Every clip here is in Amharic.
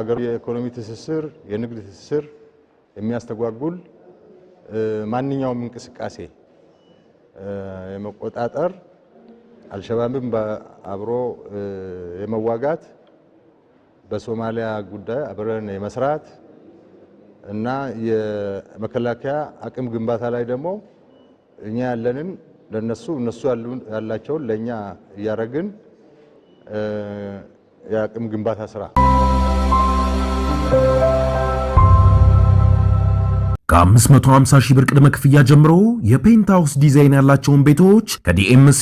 የሀገሩ የኢኮኖሚ ትስስር፣ የንግድ ትስስር የሚያስተጓጉል ማንኛውም እንቅስቃሴ የመቆጣጠር አልሸባብን አብሮ የመዋጋት በሶማሊያ ጉዳይ አብረን የመስራት እና የመከላከያ አቅም ግንባታ ላይ ደግሞ እኛ ያለንን ለነሱ እነሱ ያላቸውን ለእኛ እያረግን የአቅም ግንባታ ስራ Thank you. ከ550 ሺህ ብር ቅድመ ክፍያ ጀምሮ የፔንታውስ ዲዛይን ያላቸውን ቤቶች ከዲኤምሲ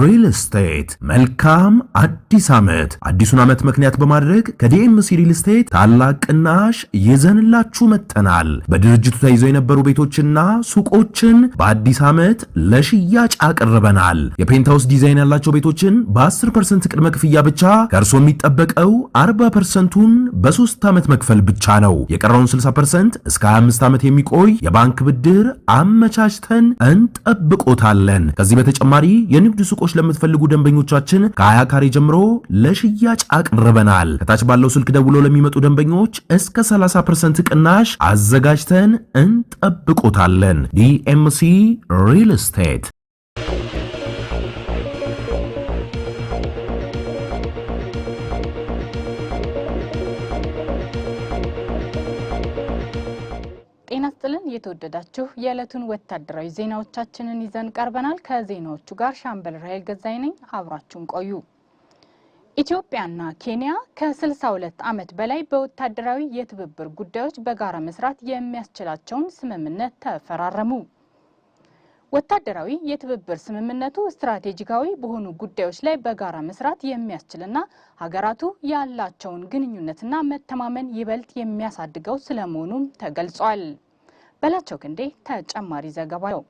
ሪል ስቴት። መልካም አዲስ ዓመት! አዲሱን ዓመት ምክንያት በማድረግ ከዲኤምሲ ሪል ስቴት ታላቅ ቅናሽ ይዘንላችሁ መጥተናል። በድርጅቱ ተይዘው የነበሩ ቤቶችና ሱቆችን በአዲስ ዓመት ለሽያጭ አቅርበናል። የፔንታውስ ዲዛይን ያላቸው ቤቶችን በ10 ፐርሰንት ቅድመ ክፍያ ብቻ ከእርሶ የሚጠበቀው 40 ፐርሰንቱን በ3 ዓመት መክፈል ብቻ ነው። የቀረውን 60 ፐርሰንት እስከ 25 ዓመት የሚቆይ የባንክ ብድር አመቻችተን እንጠብቆታለን። ከዚህ በተጨማሪ የንግድ ሱቆች ለምትፈልጉ ደንበኞቻችን ከሀያ ካሬ ጀምሮ ለሽያጭ አቅርበናል። ከታች ባለው ስልክ ደውሎ ለሚመጡ ደንበኞች እስከ 30 ፐርሰንት ቅናሽ አዘጋጅተን እንጠብቆታለን። ዲኤምሲ ሪል ስቴት የተወደዳችሁ የዕለቱን ወታደራዊ ዜናዎቻችንን ይዘን ቀርበናል። ከዜናዎቹ ጋር ሻምበል ራይል ገዛይ ነኝ። አብራችሁን ቆዩ። ኢትዮጵያና ኬንያ ከ62 ዓመት በላይ በወታደራዊ የትብብር ጉዳዮች በጋራ መስራት የሚያስችላቸውን ስምምነት ተፈራረሙ። ወታደራዊ የትብብር ስምምነቱ ስትራቴጂካዊ በሆኑ ጉዳዮች ላይ በጋራ መስራት የሚያስችልና ሀገራቱ ያላቸውን ግንኙነትና መተማመን ይበልጥ የሚያሳድገው ስለመሆኑም ተገልጿል። በላቸው ክንዴ ተጨማሪ ዘገባ ነው።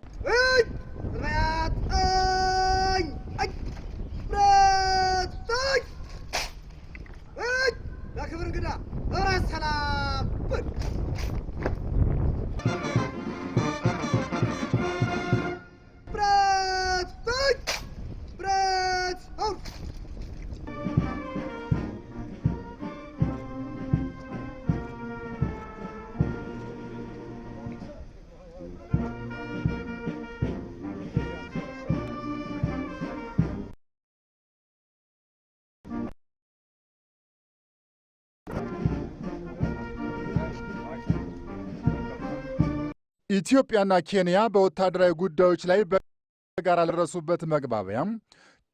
ኢትዮጵያና ኬንያ በወታደራዊ ጉዳዮች ላይ በጋራ ለደረሱበት መግባቢያ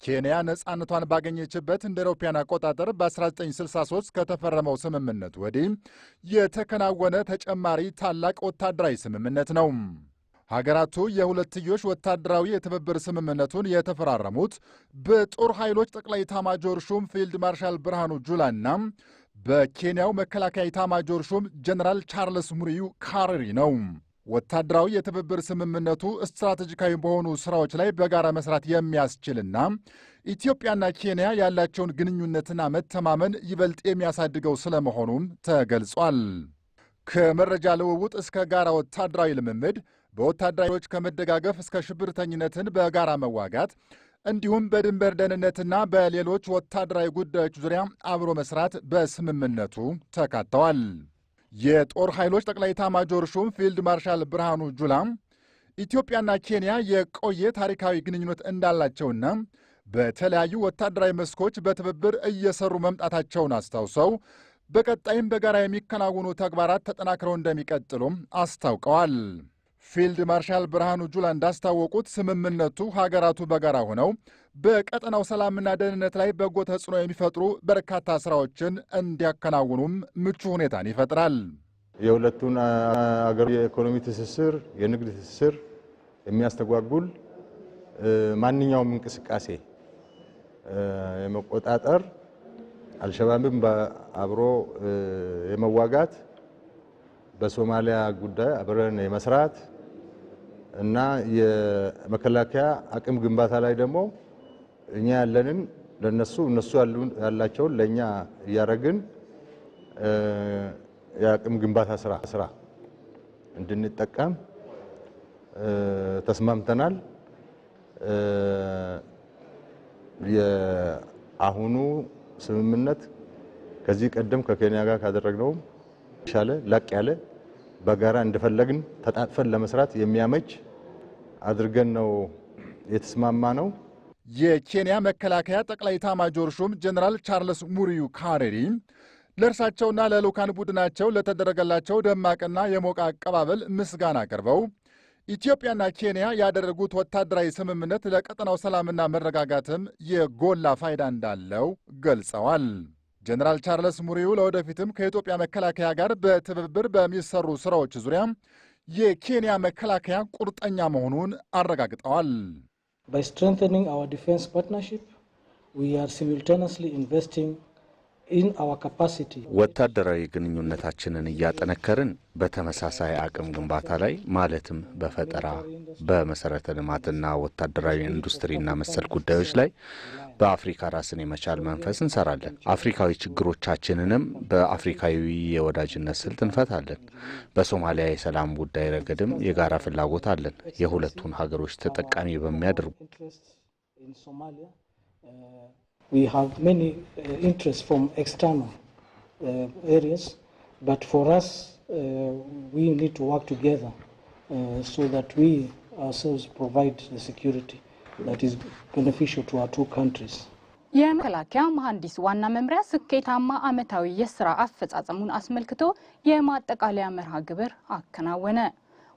ኬንያ ነፃነቷን ባገኘችበት እንደ አውሮፓውያን አቆጣጠር በ1963 ከተፈረመው ስምምነት ወዲህ የተከናወነ ተጨማሪ ታላቅ ወታደራዊ ስምምነት ነው። ሀገራቱ የሁለትዮሽ ወታደራዊ የትብብር ስምምነቱን የተፈራረሙት በጦር ኃይሎች ጠቅላይ ኤታማዦር ሹም ፊልድ ማርሻል ብርሃኑ ጁላና በኬንያው መከላከያ ኤታማዦር ሹም ጀነራል ቻርልስ ሙሪዩ ካሪሪ ነው። ወታደራዊ የትብብር ስምምነቱ ስትራቴጂካዊ በሆኑ ስራዎች ላይ በጋራ መስራት የሚያስችልና ኢትዮጵያና ኬንያ ያላቸውን ግንኙነትና መተማመን ይበልጥ የሚያሳድገው ስለመሆኑም ተገልጿል። ከመረጃ ልውውጥ እስከ ጋራ ወታደራዊ ልምምድ፣ በወታደራዎች ከመደጋገፍ እስከ ሽብርተኝነትን በጋራ መዋጋት እንዲሁም በድንበር ደህንነትና በሌሎች ወታደራዊ ጉዳዮች ዙሪያ አብሮ መስራት በስምምነቱ ተካተዋል። የጦር ኃይሎች ጠቅላይ ኤታማዦር ሹም ፊልድ ማርሻል ብርሃኑ ጁላ ኢትዮጵያና ኬንያ የቆየ ታሪካዊ ግንኙነት እንዳላቸውና በተለያዩ ወታደራዊ መስኮች በትብብር እየሰሩ መምጣታቸውን አስታውሰው በቀጣይም በጋራ የሚከናወኑ ተግባራት ተጠናክረው እንደሚቀጥሉም አስታውቀዋል። ፊልድ ማርሻል ብርሃኑ ጁላ እንዳስታወቁት ስምምነቱ ሀገራቱ በጋራ ሆነው በቀጠናው ሰላምና ደህንነት ላይ በጎ ተጽዕኖ የሚፈጥሩ በርካታ ስራዎችን እንዲያከናውኑም ምቹ ሁኔታን ይፈጥራል። የሁለቱን አገር የኢኮኖሚ ትስስር፣ የንግድ ትስስር የሚያስተጓጉል ማንኛውም እንቅስቃሴ የመቆጣጠር አልሸባብን አብሮ የመዋጋት በሶማሊያ ጉዳይ አብረን የመስራት እና የመከላከያ አቅም ግንባታ ላይ ደግሞ እኛ ያለንን ለነሱ እነሱ ያላቸውን ለእኛ እያደረግን የአቅም ግንባታ ስራ ስራ እንድንጠቀም ተስማምተናል። የአሁኑ ስምምነት ከዚህ ቀደም ከኬንያ ጋር ካደረግነውም ሻለ ላቅ ያለ በጋራ እንደፈለግን ተጣጥፈን ለመስራት የሚያመች አድርገን ነው የተስማማ ነው። የኬንያ መከላከያ ጠቅላይ ኤታማዦር ሹም ጀኔራል ቻርልስ ሙሪዩ ካሬሪ ለእርሳቸውና ለልዑካን ቡድናቸው ለተደረገላቸው ደማቅና የሞቀ አቀባበል ምስጋና አቅርበው ኢትዮጵያና ኬንያ ያደረጉት ወታደራዊ ስምምነት ለቀጠናው ሰላምና መረጋጋትም የጎላ ፋይዳ እንዳለው ገልጸዋል። ጀኔራል ቻርልስ ሙሪዩ ለወደፊትም ከኢትዮጵያ መከላከያ ጋር በትብብር በሚሰሩ ስራዎች ዙሪያ የኬንያ መከላከያ ቁርጠኛ መሆኑን አረጋግጠዋል። By strengthening our defense partnership, we are simultaneously investing ወታደራዊ ግንኙነታችንን እያጠነከርን በተመሳሳይ አቅም ግንባታ ላይ ማለትም በፈጠራ በመሰረተ ልማትና ወታደራዊ ኢንዱስትሪና መሰል ጉዳዮች ላይ በአፍሪካ ራስን የመቻል መንፈስ እንሰራለን። አፍሪካዊ ችግሮቻችንንም በአፍሪካዊ የወዳጅነት ስልት እንፈታለን። በሶማሊያ የሰላም ጉዳይ ረገድም የጋራ ፍላጎት አለን። የሁለቱን ሀገሮች ተጠቃሚ በሚያደርጉ we have many uh, interests from external uh, areas, but for us, uh, we need to work together uh, so that we ourselves provide the security that is beneficial to our two countries. የመከላከያ መሐንዲስ ዋና መምሪያ ስኬታማ ዓመታዊ የስራ አፈጻጸሙን አስመልክቶ የማጠቃለያ መርሃ ግብር አከናወነ።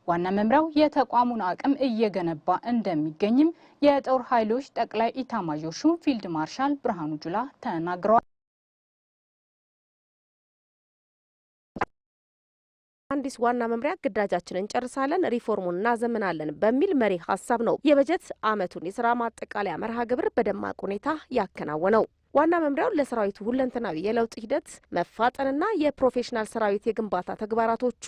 ዋና መምሪያው የተቋሙን አቅም እየገነባ እንደሚገኝም የጦር ኃይሎች ጠቅላይ ኢታማዦር ሹም ፊልድ ማርሻል ብርሃኑ ጁላ ተናግረዋል። አዲስ ዋና መምሪያ ግዳጃችንን ጨርሳለን፣ ሪፎርሙን እናዘምናለን በሚል መሪ ሀሳብ ነው የበጀት አመቱን የስራ ማጠቃለያ መርሃ ግብር በደማቅ ሁኔታ ያከናወነው። ዋና መምሪያው ለሰራዊቱ ሁለንተናዊ የለውጥ ሂደት መፋጠንና የፕሮፌሽናል ሰራዊት የግንባታ ተግባራቶቹ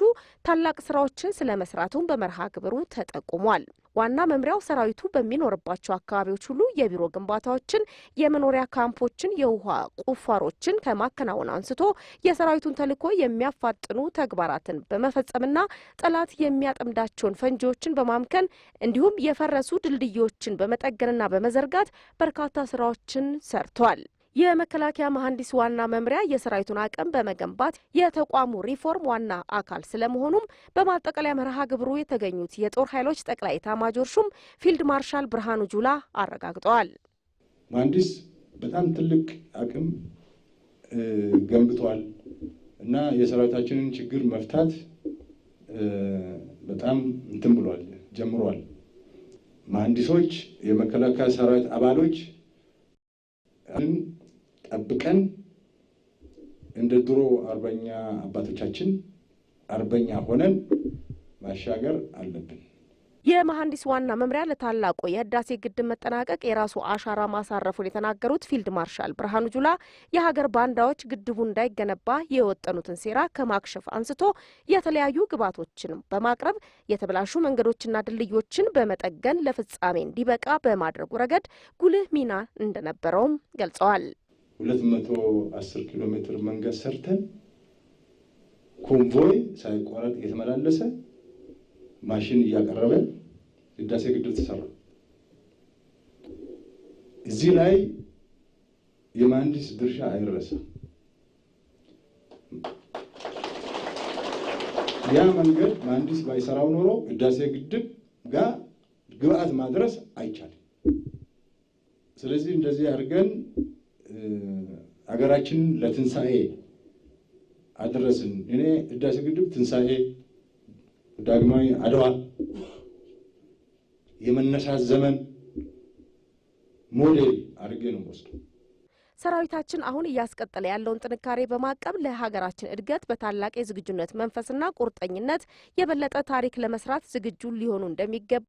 ታላቅ ስራዎችን ስለ መስራቱን በመርሃ ግብሩ ተጠቁሟል። ዋና መምሪያው ሰራዊቱ በሚኖርባቸው አካባቢዎች ሁሉ የቢሮ ግንባታዎችን፣ የመኖሪያ ካምፖችን፣ የውሃ ቁፋሮችን ከማከናወን አንስቶ የሰራዊቱን ተልዕኮ የሚያፋጥኑ ተግባራትን በመፈጸምና ጠላት የሚያጠምዳቸውን ፈንጂዎችን በማምከን እንዲሁም የፈረሱ ድልድዮችን በመጠገንና በመዘርጋት በርካታ ስራዎችን ሰርቷል። የመከላከያ መሐንዲስ ዋና መምሪያ የሰራዊቱን አቅም በመገንባት የተቋሙ ሪፎርም ዋና አካል ስለመሆኑም በማጠቃለያ መርሃ ግብሩ የተገኙት የጦር ኃይሎች ጠቅላይ ኤታማዦር ሹም ፊልድ ማርሻል ብርሃኑ ጁላ አረጋግጠዋል። መሐንዲስ በጣም ትልቅ አቅም ገንብቷል እና የሰራዊታችንን ችግር መፍታት በጣም እንትን ብሏል ጀምሯል። መሐንዲሶች የመከላከያ ሰራዊት አባሎች ጠብቀን እንደ ድሮ አርበኛ አባቶቻችን አርበኛ ሆነን ማሻገር አለብን። የመሐንዲስ ዋና መምሪያ ለታላቁ የህዳሴ ግድብ መጠናቀቅ የራሱ አሻራ ማሳረፉን የተናገሩት ፊልድ ማርሻል ብርሃኑ ጁላ የሀገር ባንዳዎች ግድቡ እንዳይገነባ የወጠኑትን ሴራ ከማክሸፍ አንስቶ የተለያዩ ግብዓቶችን በማቅረብ የተበላሹ መንገዶችና ድልድዮችን በመጠገን ለፍጻሜ እንዲበቃ በማድረጉ ረገድ ጉልህ ሚና እንደነበረውም ገልጸዋል። ሁለት መቶ አስር ኪሎ ሜትር መንገድ ሰርተን ኮንቮይ ሳይቋረጥ እየተመላለሰ ማሽን እያቀረበ ህዳሴ ግድብ ተሰራ። እዚህ ላይ የመሀንዲስ ድርሻ አይረሳም። ያ መንገድ መሀንዲስ ባይሰራው ኖሮ ህዳሴ ግድብ ጋር ግብአት ማድረስ አይቻልም። ስለዚህ እንደዚህ አድርገን አገራችን ለትንሣኤ አደረስን። እኔ ህዳሴ ግድብ ትንሣኤ፣ ዳግማዊ አድዋ፣ የመነሳት ዘመን ሞዴል አድርጌ ነው ወስዶ ሰራዊታችን አሁን እያስቀጠለ ያለውን ጥንካሬ በማቀብ ለሀገራችን እድገት በታላቅ የዝግጁነት መንፈስና ቁርጠኝነት የበለጠ ታሪክ ለመስራት ዝግጁ ሊሆኑ እንደሚገባ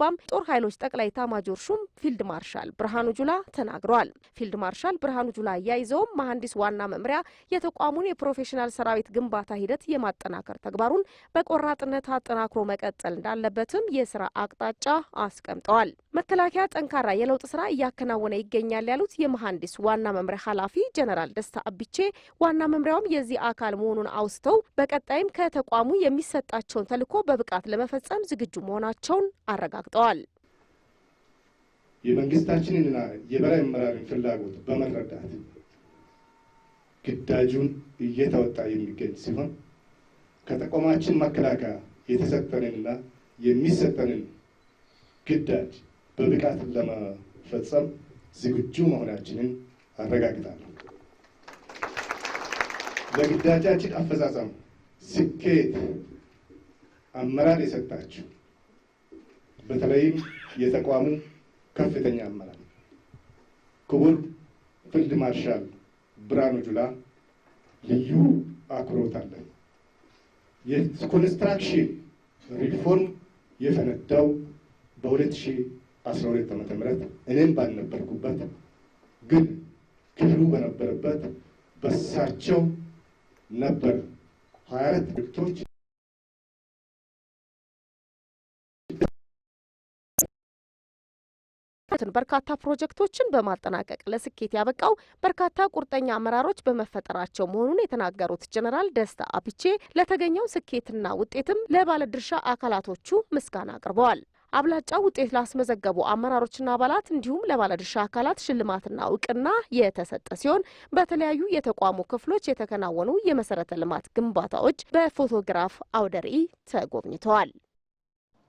ባም ጦር ኃይሎች ጠቅላይ ኤታማዦር ሹም ፊልድ ማርሻል ብርሃኑ ጁላ ተናግረዋል። ፊልድ ማርሻል ብርሃኑ ጁላ አያይዘውም መሐንዲስ ዋና መምሪያ የተቋሙን የፕሮፌሽናል ሰራዊት ግንባታ ሂደት የማጠናከር ተግባሩን በቆራጥነት አጠናክሮ መቀጠል እንዳለበትም የስራ አቅጣጫ አስቀምጠዋል። መከላከያ ጠንካራ የለውጥ ስራ እያከናወነ ይገኛል ያሉት የመሐንዲስ ዋና መምሪያ ኃላፊ ጀነራል ደስታ አብቼ ዋና መምሪያውም የዚህ አካል መሆኑን አውስተው በቀጣይም ከተቋሙ የሚሰጣቸውን ተልዕኮ በብቃት ለመፈጸም ዝግጁ መሆናቸውን አረጋግጠዋል። አረጋግጠዋል። የመንግስታችንንና የበላይ አመራርን ፍላጎት በመረዳት ግዳጁን እየተወጣ የሚገኝ ሲሆን ከተቋማችን መከላከያ የተሰጠንንና የሚሰጠንን ግዳጅ በብቃት ለመፈጸም ዝግጁ መሆናችንን አረጋግጣለሁ። ለግዳጃችን አፈጻጸም ስኬት አመራር የሰጣችሁ በተለይም የተቋሙ ከፍተኛ አመራር ክቡር ፊልድ ማርሻል ብርሃኑ ጁላ ልዩ አክብሮት አለን። የኮንስትራክሽን ሪፎርም የፈነዳው በ2012 ዓ.ም እኔም ባልነበርኩበት ግን ክፍሉ በነበረበት በሳቸው ነበር 24 ድርጅቶች በርካታ ፕሮጀክቶችን በማጠናቀቅ ለስኬት ያበቃው በርካታ ቁርጠኛ አመራሮች በመፈጠራቸው መሆኑን የተናገሩት ጀነራል ደስታ አብቼ ለተገኘው ስኬትና ውጤትም ለባለድርሻ አካላቶቹ ምስጋና አቅርበዋል። አብላጫ ውጤት ላስመዘገቡ አመራሮችና አባላት እንዲሁም ለባለድርሻ አካላት ሽልማትና እውቅና የተሰጠ ሲሆን በተለያዩ የተቋሙ ክፍሎች የተከናወኑ የመሰረተ ልማት ግንባታዎች በፎቶግራፍ አውደ ርዕይ ተጎብኝተዋል።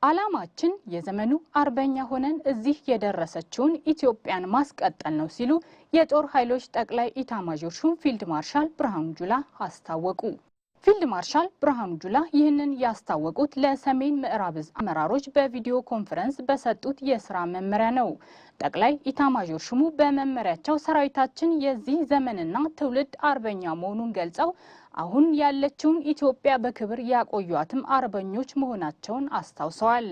ዓላማችን የዘመኑ አርበኛ ሆነን እዚህ የደረሰችውን ኢትዮጵያን ማስቀጠል ነው ሲሉ የጦር ኃይሎች ጠቅላይ ኢታማዦር ሹም ፊልድ ማርሻል ብርሃኑ ጁላ አስታወቁ። ፊልድ ማርሻል ብርሃኑ ጁላ ይህንን ያስታወቁት ለሰሜን ምዕራብ እዝ አመራሮች በቪዲዮ ኮንፈረንስ በሰጡት የስራ መመሪያ ነው። ጠቅላይ ኢታማዦር ሹሙ በመመሪያቸው ሰራዊታችን የዚህ ዘመንና ትውልድ አርበኛ መሆኑን ገልጸው አሁን ያለችውን ኢትዮጵያ በክብር ያቆዩትም አርበኞች መሆናቸውን አስታውሰዋል።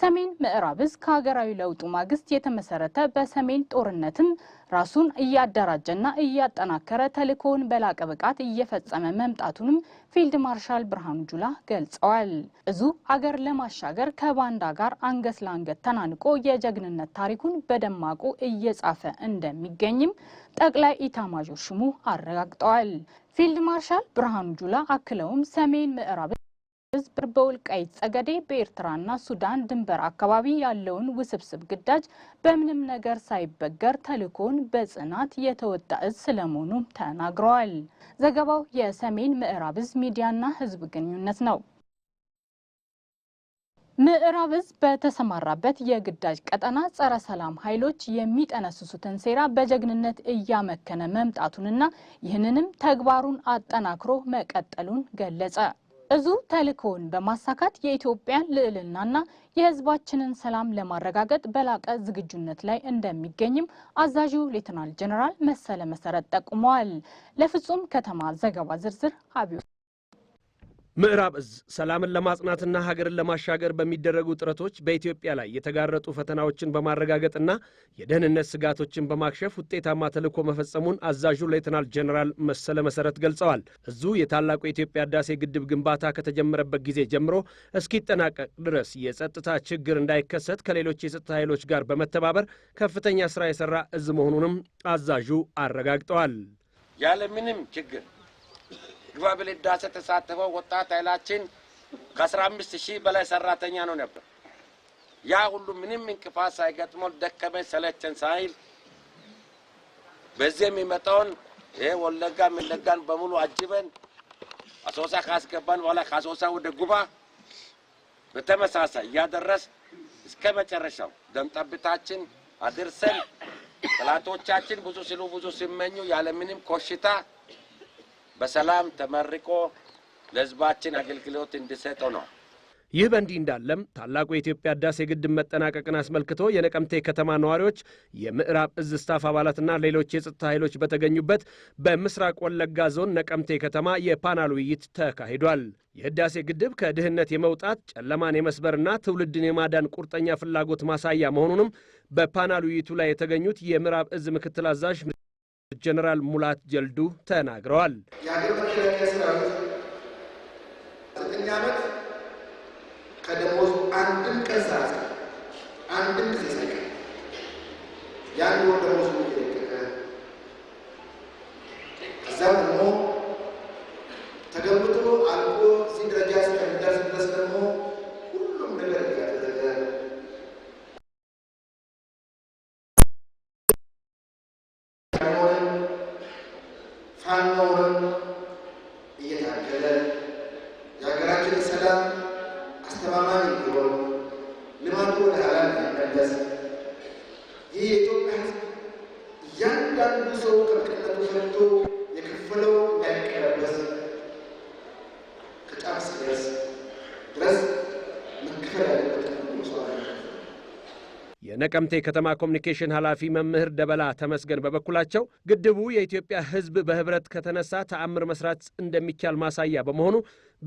ሰሜን ምዕራብ እዝ ከሀገራዊ ለውጡ ማግስት የተመሰረተ በሰሜን ጦርነትም ራሱን እያደራጀና እያጠናከረ ተልእኮውን በላቀ ብቃት እየፈጸመ መምጣቱንም ፊልድ ማርሻል ብርሃኑ ጁላ ገልጸዋል። እዙ አገር ለማሻገር ከባንዳ ጋር አንገት ለአንገት ተናንቆ የጀግንነት ታሪኩን በደማቁ እየጻፈ እንደሚገኝም ጠቅላይ ኢታማዦር ሹሙ አረጋግጠዋል። ፊልድ ማርሻል ብርሃኑ ጁላ አክለውም ሰሜን ምዕራብ ህዝብ በወልቃይት ጸገዴ በኤርትራና ሱዳን ድንበር አካባቢ ያለውን ውስብስብ ግዳጅ በምንም ነገር ሳይበገር ተልኮን በጽናት የተወጣ እዝ ስለመሆኑም ተናግረዋል። ዘገባው የሰሜን ምዕራብ እዝ ሚዲያና ህዝብ ግንኙነት ነው። ምዕራብ እዝ በተሰማራበት የግዳጅ ቀጠና ጸረ ሰላም ኃይሎች የሚጠነስሱትን ሴራ በጀግንነት እያመከነ መምጣቱንና ይህንንም ተግባሩን አጠናክሮ መቀጠሉን ገለጸ። እዙ ተልእኮውን በማሳካት የኢትዮጵያን ልዕልናና የሕዝባችንን ሰላም ለማረጋገጥ በላቀ ዝግጁነት ላይ እንደሚገኝም አዛዡ ሌትናል ጀኔራል መሰለ መሰረት ጠቁመዋል። ለፍጹም ከተማ ዘገባ ዝርዝር አብዮ ምዕራብ እዝ ሰላምን ለማጽናትና ሀገርን ለማሻገር በሚደረጉ ጥረቶች በኢትዮጵያ ላይ የተጋረጡ ፈተናዎችን በማረጋገጥና የደህንነት ስጋቶችን በማክሸፍ ውጤታማ ተልዕኮ መፈጸሙን አዛዡ ሌትናል ጀኔራል መሰለ መሰረት ገልጸዋል። እዙ የታላቁ የኢትዮጵያ ህዳሴ ግድብ ግንባታ ከተጀመረበት ጊዜ ጀምሮ እስኪጠናቀቅ ድረስ የጸጥታ ችግር እንዳይከሰት ከሌሎች የጸጥታ ኃይሎች ጋር በመተባበር ከፍተኛ ስራ የሰራ እዝ መሆኑንም አዛዡ አረጋግጠዋል። ያለምንም ችግር ይዋብል ህዳሴ ተሳተፈው ወጣት ኃይላችን ከአስራ አምስት ሺህ በላይ ሰራተኛ ነው ነበር። ያ ሁሉ ምንም እንቅፋት ሳይገጥሞን ደከመ ሰለቸን ሳይል በዚህ የሚመጣውን ይሄ ወለጋ ምለጋን በሙሉ አጅበን አሶሳ ካስገባን በኋላ ከአሶሳ ወደ ጉባ በተመሳሳይ እያደረስ እስከ መጨረሻው ደምጠብታችን አድርሰን ጥላቶቻችን ብዙ ሲሉ ብዙ ሲመኙ ያለምንም ኮሽታ በሰላም ተመርቆ ለህዝባችን አገልግሎት እንዲሰጠው ነው። ይህ በእንዲህ እንዳለም ታላቁ የኢትዮጵያ ህዳሴ ግድብ መጠናቀቅን አስመልክቶ የነቀምቴ ከተማ ነዋሪዎች፣ የምዕራብ እዝ ስታፍ አባላትና ሌሎች የጸጥታ ኃይሎች በተገኙበት በምስራቅ ወለጋ ዞን ነቀምቴ ከተማ የፓናል ውይይት ተካሂዷል። የህዳሴ ግድብ ከድህነት የመውጣት ጨለማን የመስበርና ትውልድን የማዳን ቁርጠኛ ፍላጎት ማሳያ መሆኑንም በፓናል ውይይቱ ላይ የተገኙት የምዕራብ እዝ ምክትል አዛዥ ጀነራል ሙላት ጀልዱ ተናግረዋል። የሀገር መከላከያ ሰራዊት ዘጠኝ ዓመት ከደሞዝ አንድም ቀን አንድም ጊዜ ሳይቀር ወር ደሞዝ ነው እየለቀቀ ደግሞ የነቀምቴ ከተማ ኮሚኒኬሽን ኃላፊ መምህር ደበላ ተመስገን በበኩላቸው ግድቡ የኢትዮጵያ ሕዝብ በህብረት ከተነሳ ተአምር መስራት እንደሚቻል ማሳያ በመሆኑ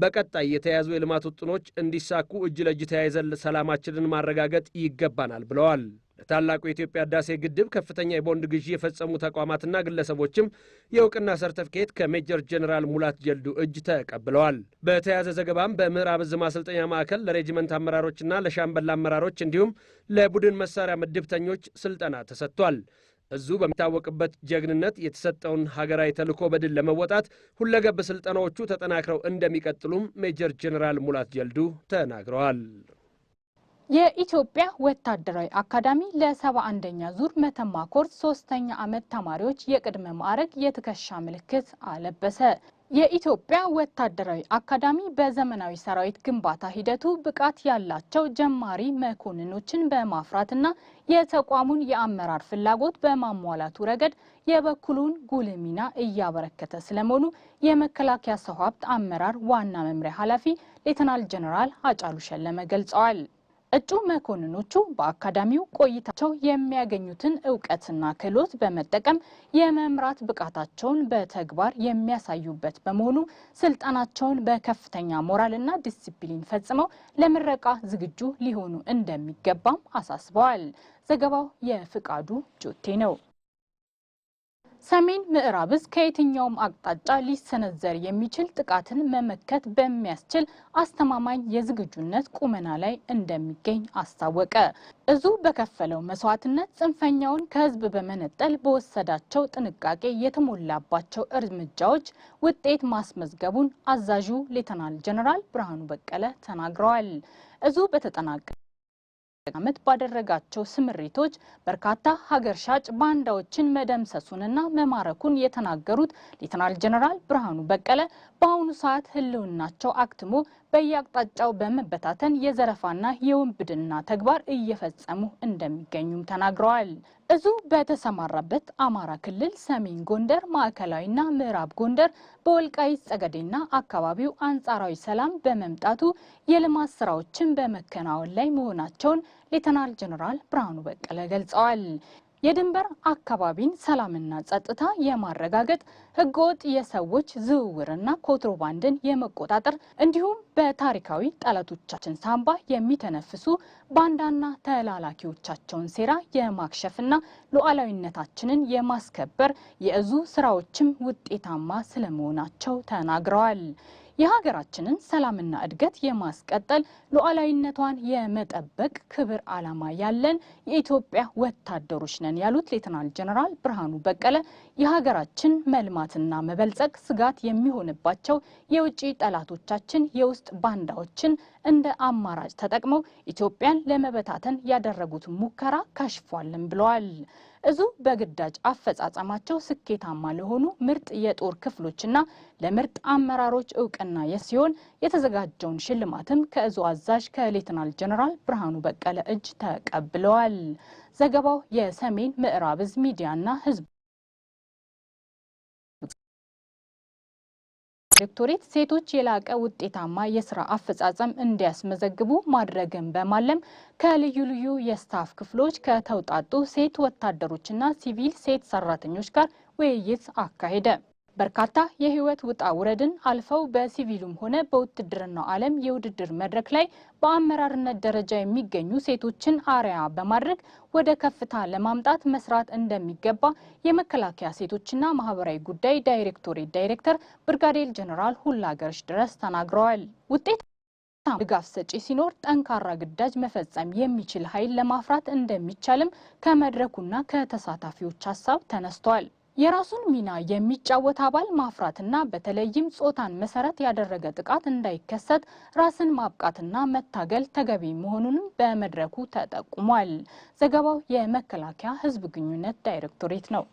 በቀጣይ የተያዙ የልማት ውጥኖች እንዲሳኩ እጅ ለእጅ ተያይዘን ሰላማችንን ማረጋገጥ ይገባናል ብለዋል። ለታላቁ የኢትዮጵያ ህዳሴ ግድብ ከፍተኛ የቦንድ ግዢ የፈጸሙ ተቋማትና ግለሰቦችም የእውቅና ሰርተፍኬት ከሜጀር ጀኔራል ሙላት ጀልዱ እጅ ተቀብለዋል። በተያያዘ ዘገባም በምዕራብ እዝ ማሰልጠኛ ማዕከል ለሬጅመንት አመራሮችና ለሻምበል አመራሮች እንዲሁም ለቡድን መሳሪያ ምድብተኞች ስልጠና ተሰጥቷል። እዙ በሚታወቅበት ጀግንነት የተሰጠውን ሀገራዊ ተልዕኮ በድል ለመወጣት ሁለገብ ስልጠናዎቹ ተጠናክረው እንደሚቀጥሉም ሜጀር ጀኔራል ሙላት ጀልዱ ተናግረዋል። የኢትዮጵያ ወታደራዊ አካዳሚ ለሰባ አንደኛ ዙር መተማ ኮርስ ሶስተኛ ዓመት ተማሪዎች የቅድመ ማዕረግ የትከሻ ምልክት አለበሰ። የኢትዮጵያ ወታደራዊ አካዳሚ በዘመናዊ ሰራዊት ግንባታ ሂደቱ ብቃት ያላቸው ጀማሪ መኮንኖችን በማፍራትና የተቋሙን የአመራር ፍላጎት በማሟላቱ ረገድ የበኩሉን ጉልህ ሚና እያበረከተ ስለመሆኑ የመከላከያ ሰው ሀብት አመራር ዋና መምሪያ ኃላፊ ሌተናል ጄኔራል አጫሉ ሸለመ ገልጸዋል። እጩ መኮንኖቹ በአካዳሚው ቆይታቸው የሚያገኙትን እውቀትና ክህሎት በመጠቀም የመምራት ብቃታቸውን በተግባር የሚያሳዩበት በመሆኑ ስልጠናቸውን በከፍተኛ ሞራልና ዲሲፕሊን ፈጽመው ለምረቃ ዝግጁ ሊሆኑ እንደሚገባም አሳስበዋል። ዘገባው የፍቃዱ ጆቴ ነው። ሰሜን ምዕራብ እዝ ከየትኛውም አቅጣጫ ሊሰነዘር የሚችል ጥቃትን መመከት በሚያስችል አስተማማኝ የዝግጁነት ቁመና ላይ እንደሚገኝ አስታወቀ። እዙ በከፈለው መስዋዕትነት ጽንፈኛውን ከህዝብ በመነጠል በወሰዳቸው ጥንቃቄ የተሞላባቸው እርምጃዎች ውጤት ማስመዝገቡን አዛዡ ሌተናል ጀነራል ብርሃኑ በቀለ ተናግረዋል። እዙ በተጠናቀ ዓመት ባደረጋቸው ስምሪቶች በርካታ ሀገር ሻጭ ባንዳዎችን መደምሰሱንና መማረኩን የተናገሩት ሌተናል ጀነራል ብርሃኑ በቀለ በአሁኑ ሰዓት ህልውናቸው አክትሞ በየአቅጣጫው በመበታተን የዘረፋና የውንብድና ተግባር እየፈጸሙ እንደሚገኙም ተናግረዋል። እዙ በተሰማራበት አማራ ክልል ሰሜን ጎንደር፣ ማዕከላዊና ምዕራብ ጎንደር በወልቃይት ጸገዴና አካባቢው አንጻራዊ ሰላም በመምጣቱ የልማት ስራዎችን በመከናወን ላይ መሆናቸውን ሌተናል ጀነራል ብርሃኑ በቀለ ገልጸዋል። የድንበር አካባቢን ሰላምና ጸጥታ የማረጋገጥ ህገወጥ የሰዎች ዝውውርና ኮንትሮባንድን የመቆጣጠር እንዲሁም በታሪካዊ ጠላቶቻችን ሳንባ የሚተነፍሱ ባንዳና ተላላኪዎቻቸውን ሴራ የማክሸፍና ሉዓላዊነታችንን የማስከበር የእዙ ስራዎችም ውጤታማ ስለመሆናቸው ተናግረዋል። የሀገራችንን ሰላምና እድገት የማስቀጠል ሉዓላዊነቷን የመጠበቅ ክብር ዓላማ ያለን የኢትዮጵያ ወታደሮች ነን ያሉት ሌተናል ጀነራል ብርሃኑ በቀለ የሀገራችን መልማትና መበልጸግ ስጋት የሚሆንባቸው የውጭ ጠላቶቻችን የውስጥ ባንዳዎችን እንደ አማራጭ ተጠቅመው ኢትዮጵያን ለመበታተን ያደረጉት ሙከራ ከሽፏልም ብለዋል። እዙ በግዳጅ አፈጻጸማቸው ስኬታማ ለሆኑ ምርጥ የጦር ክፍሎችና ለምርጥ አመራሮች እውቅና የሲሆን የተዘጋጀውን ሽልማትም ከእዙ አዛዥ ከሌትናል ጀነራል ብርሃኑ በቀለ እጅ ተቀብለዋል። ዘገባው የሰሜን ምዕራብ እዝ ሚዲያና ህዝብ ዳይሬክቶሬት ሴቶች የላቀ ውጤታማ የስራ አፈጻጸም እንዲያስመዘግቡ ማድረግን በማለም ከልዩ ልዩ የስታፍ ክፍሎች ከተውጣጡ ሴት ወታደሮችና ሲቪል ሴት ሰራተኞች ጋር ውይይት አካሄደ። በርካታ የህይወት ውጣ ውረድን አልፈው በሲቪሉም ሆነ በውትድርናው ዓለም የውድድር መድረክ ላይ በአመራርነት ደረጃ የሚገኙ ሴቶችን አርያ በማድረግ ወደ ከፍታ ለማምጣት መስራት እንደሚገባ የመከላከያ ሴቶችና ማህበራዊ ጉዳይ ዳይሬክቶሬት ዳይሬክተር ብርጋዴር ጀኔራል ሁላገርሽ ድረስ ተናግረዋል። ውጤት ድጋፍ ሰጪ ሲኖር ጠንካራ ግዳጅ መፈጸም የሚችል ኃይል ለማፍራት እንደሚቻልም ከመድረኩና ከተሳታፊዎች ሀሳብ ተነስቷል። የራሱን ሚና የሚጫወት አባል ማፍራትና በተለይም ጾታን መሰረት ያደረገ ጥቃት እንዳይከሰት ራስን ማብቃትና መታገል ተገቢ መሆኑንም በመድረኩ ተጠቁሟል። ዘገባው የመከላከያ ሕዝብ ግንኙነት ዳይሬክቶሬት ነው።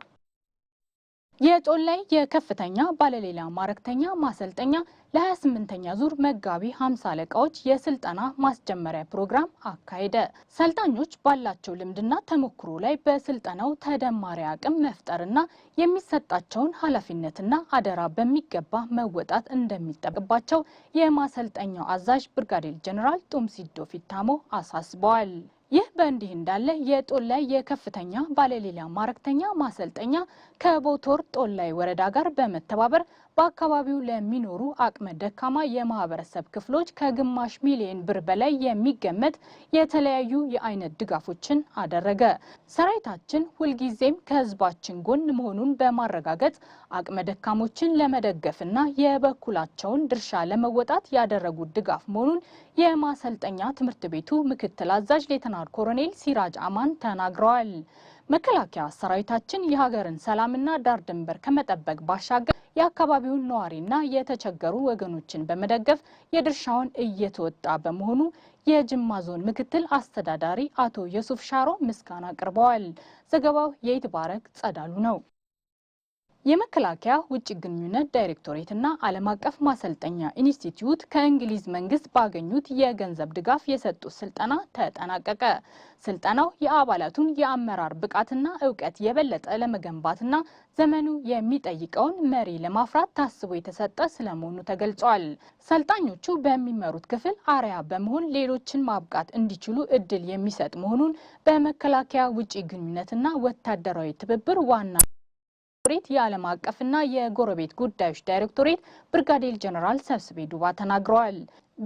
የጦላይ የከፍተኛ ባለሌላ ማረክተኛ ማሰልጠኛ ለ28ኛ ዙር መጋቢ 50 አለቃዎች የስልጠና ማስጀመሪያ ፕሮግራም አካሄደ። ሰልጣኞች ባላቸው ልምድና ተሞክሮ ላይ በስልጠናው ተደማሪ አቅም መፍጠርና የሚሰጣቸውን ኃላፊነትና አደራ በሚገባ መወጣት እንደሚጠበቅባቸው የማሰልጠኛው አዛዥ ብርጋዴር ጀኔራል ጡምሲዶ ፊታሞ አሳስበዋል። ይህ በእንዲህ እንዳለ የጦላይ የከፍተኛ ባለሌላ ማረክተኛ ማሰልጠኛ ከቦቶር ጦላይ ወረዳ ጋር በመተባበር በአካባቢው ለሚኖሩ አቅመ ደካማ የማህበረሰብ ክፍሎች ከግማሽ ሚሊዮን ብር በላይ የሚገመት የተለያዩ የአይነት ድጋፎችን አደረገ። ሰራዊታችን ሁልጊዜም ከህዝባችን ጎን መሆኑን በማረጋገጥ አቅመ ደካሞችን ለመደገፍና የበኩላቸውን ድርሻ ለመወጣት ያደረጉት ድጋፍ መሆኑን የማሰልጠኛ ትምህርት ቤቱ ምክትል አዛዥ ሌተናል ኮሎኔል ሲራጅ አማን ተናግረዋል። መከላከያ ሰራዊታችን የሀገርን ሰላምና ዳር ድንበር ከመጠበቅ ባሻገር የአካባቢውን ነዋሪና የተቸገሩ ወገኖችን በመደገፍ የድርሻውን እየተወጣ በመሆኑ የጅማ ዞን ምክትል አስተዳዳሪ አቶ የሱፍ ሻሮ ምስጋና አቅርበዋል። ዘገባው የይትባረክ ጸዳሉ ነው። የመከላከያ ውጭ ግንኙነት ዳይሬክቶሬትና ዓለም አቀፍ ማሰልጠኛ ኢንስቲትዩት ከእንግሊዝ መንግስት ባገኙት የገንዘብ ድጋፍ የሰጡት ስልጠና ተጠናቀቀ። ስልጠናው የአባላቱን የአመራር ብቃትና እውቀት የበለጠ ለመገንባትና ዘመኑ የሚጠይቀውን መሪ ለማፍራት ታስቦ የተሰጠ ስለመሆኑ ተገልጿል። ሰልጣኞቹ በሚመሩት ክፍል አርያ በመሆን ሌሎችን ማብቃት እንዲችሉ እድል የሚሰጥ መሆኑን በመከላከያ ውጭ ግንኙነትና ወታደራዊ ትብብር ዋና ሬት የዓለም አቀፍና የጎረቤት ጉዳዮች ዳይሬክቶሬት ብርጋዴር ጀነራል ሰብስቤ ዱባ ተናግረዋል።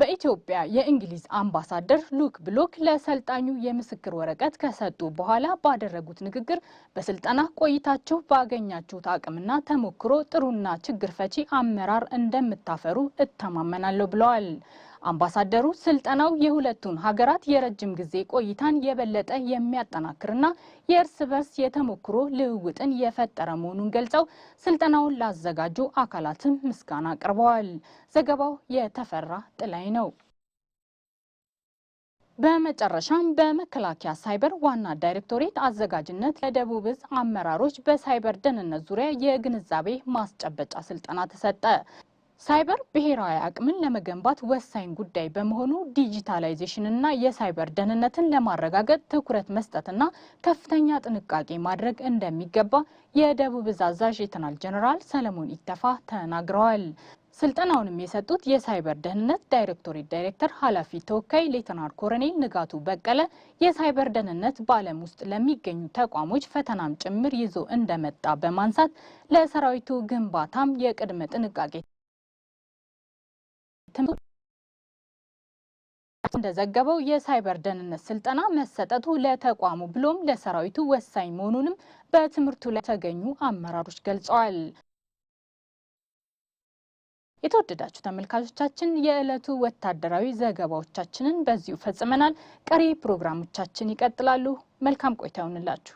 በኢትዮጵያ የእንግሊዝ አምባሳደር ሉክ ብሎክ ለሰልጣኙ የምስክር ወረቀት ከሰጡ በኋላ ባደረጉት ንግግር በስልጠና ቆይታችሁ ባገኛችሁት አቅምና ተሞክሮ ጥሩና ችግር ፈቺ አመራር እንደምታፈሩ እተማመናለሁ ብለዋል። አምባሳደሩ ስልጠናው የሁለቱን ሀገራት የረጅም ጊዜ ቆይታን የበለጠ የሚያጠናክርና የእርስ በርስ የተሞክሮ ልውውጥን የፈጠረ መሆኑን ገልጸው ስልጠናውን ላዘጋጁ አካላትም ምስጋና አቅርበዋል። ዘገባው የተፈራ ጥላይ ነው። በመጨረሻም በመከላከያ ሳይበር ዋና ዳይሬክቶሬት አዘጋጅነት ለደቡብ ዕዝ አመራሮች በሳይበር ደህንነት ዙሪያ የግንዛቤ ማስጨበጫ ስልጠና ተሰጠ። ሳይበር ብሔራዊ አቅምን ለመገንባት ወሳኝ ጉዳይ በመሆኑ ዲጂታላይዜሽንና የሳይበር ደህንነትን ለማረጋገጥ ትኩረት መስጠትና ከፍተኛ ጥንቃቄ ማድረግ እንደሚገባ የደቡብ እዝ አዛዥ ሌተናል ጀኔራል ሰለሞን ኢተፋ ተናግረዋል። ስልጠናውንም የሰጡት የሳይበር ደህንነት ዳይሬክቶሬት ዳይሬክተር ኃላፊ ተወካይ ሌተናል ኮሎኔል ንጋቱ በቀለ የሳይበር ደህንነት በዓለም ውስጥ ለሚገኙ ተቋሞች ፈተናም ጭምር ይዞ እንደመጣ በማንሳት ለሰራዊቱ ግንባታም የቅድመ ጥንቃቄ እንደዘገበው የሳይበር ደህንነት ስልጠና መሰጠቱ ለተቋሙ ብሎም ለሰራዊቱ ወሳኝ መሆኑንም በትምህርቱ ላይ የተገኙ አመራሮች ገልጸዋል። የተወደዳችሁ ተመልካቾቻችን የዕለቱ ወታደራዊ ዘገባዎቻችንን በዚሁ ፈጽመናል። ቀሪ ፕሮግራሞቻችን ይቀጥላሉ። መልካም ቆይታ ይሆንላችሁ።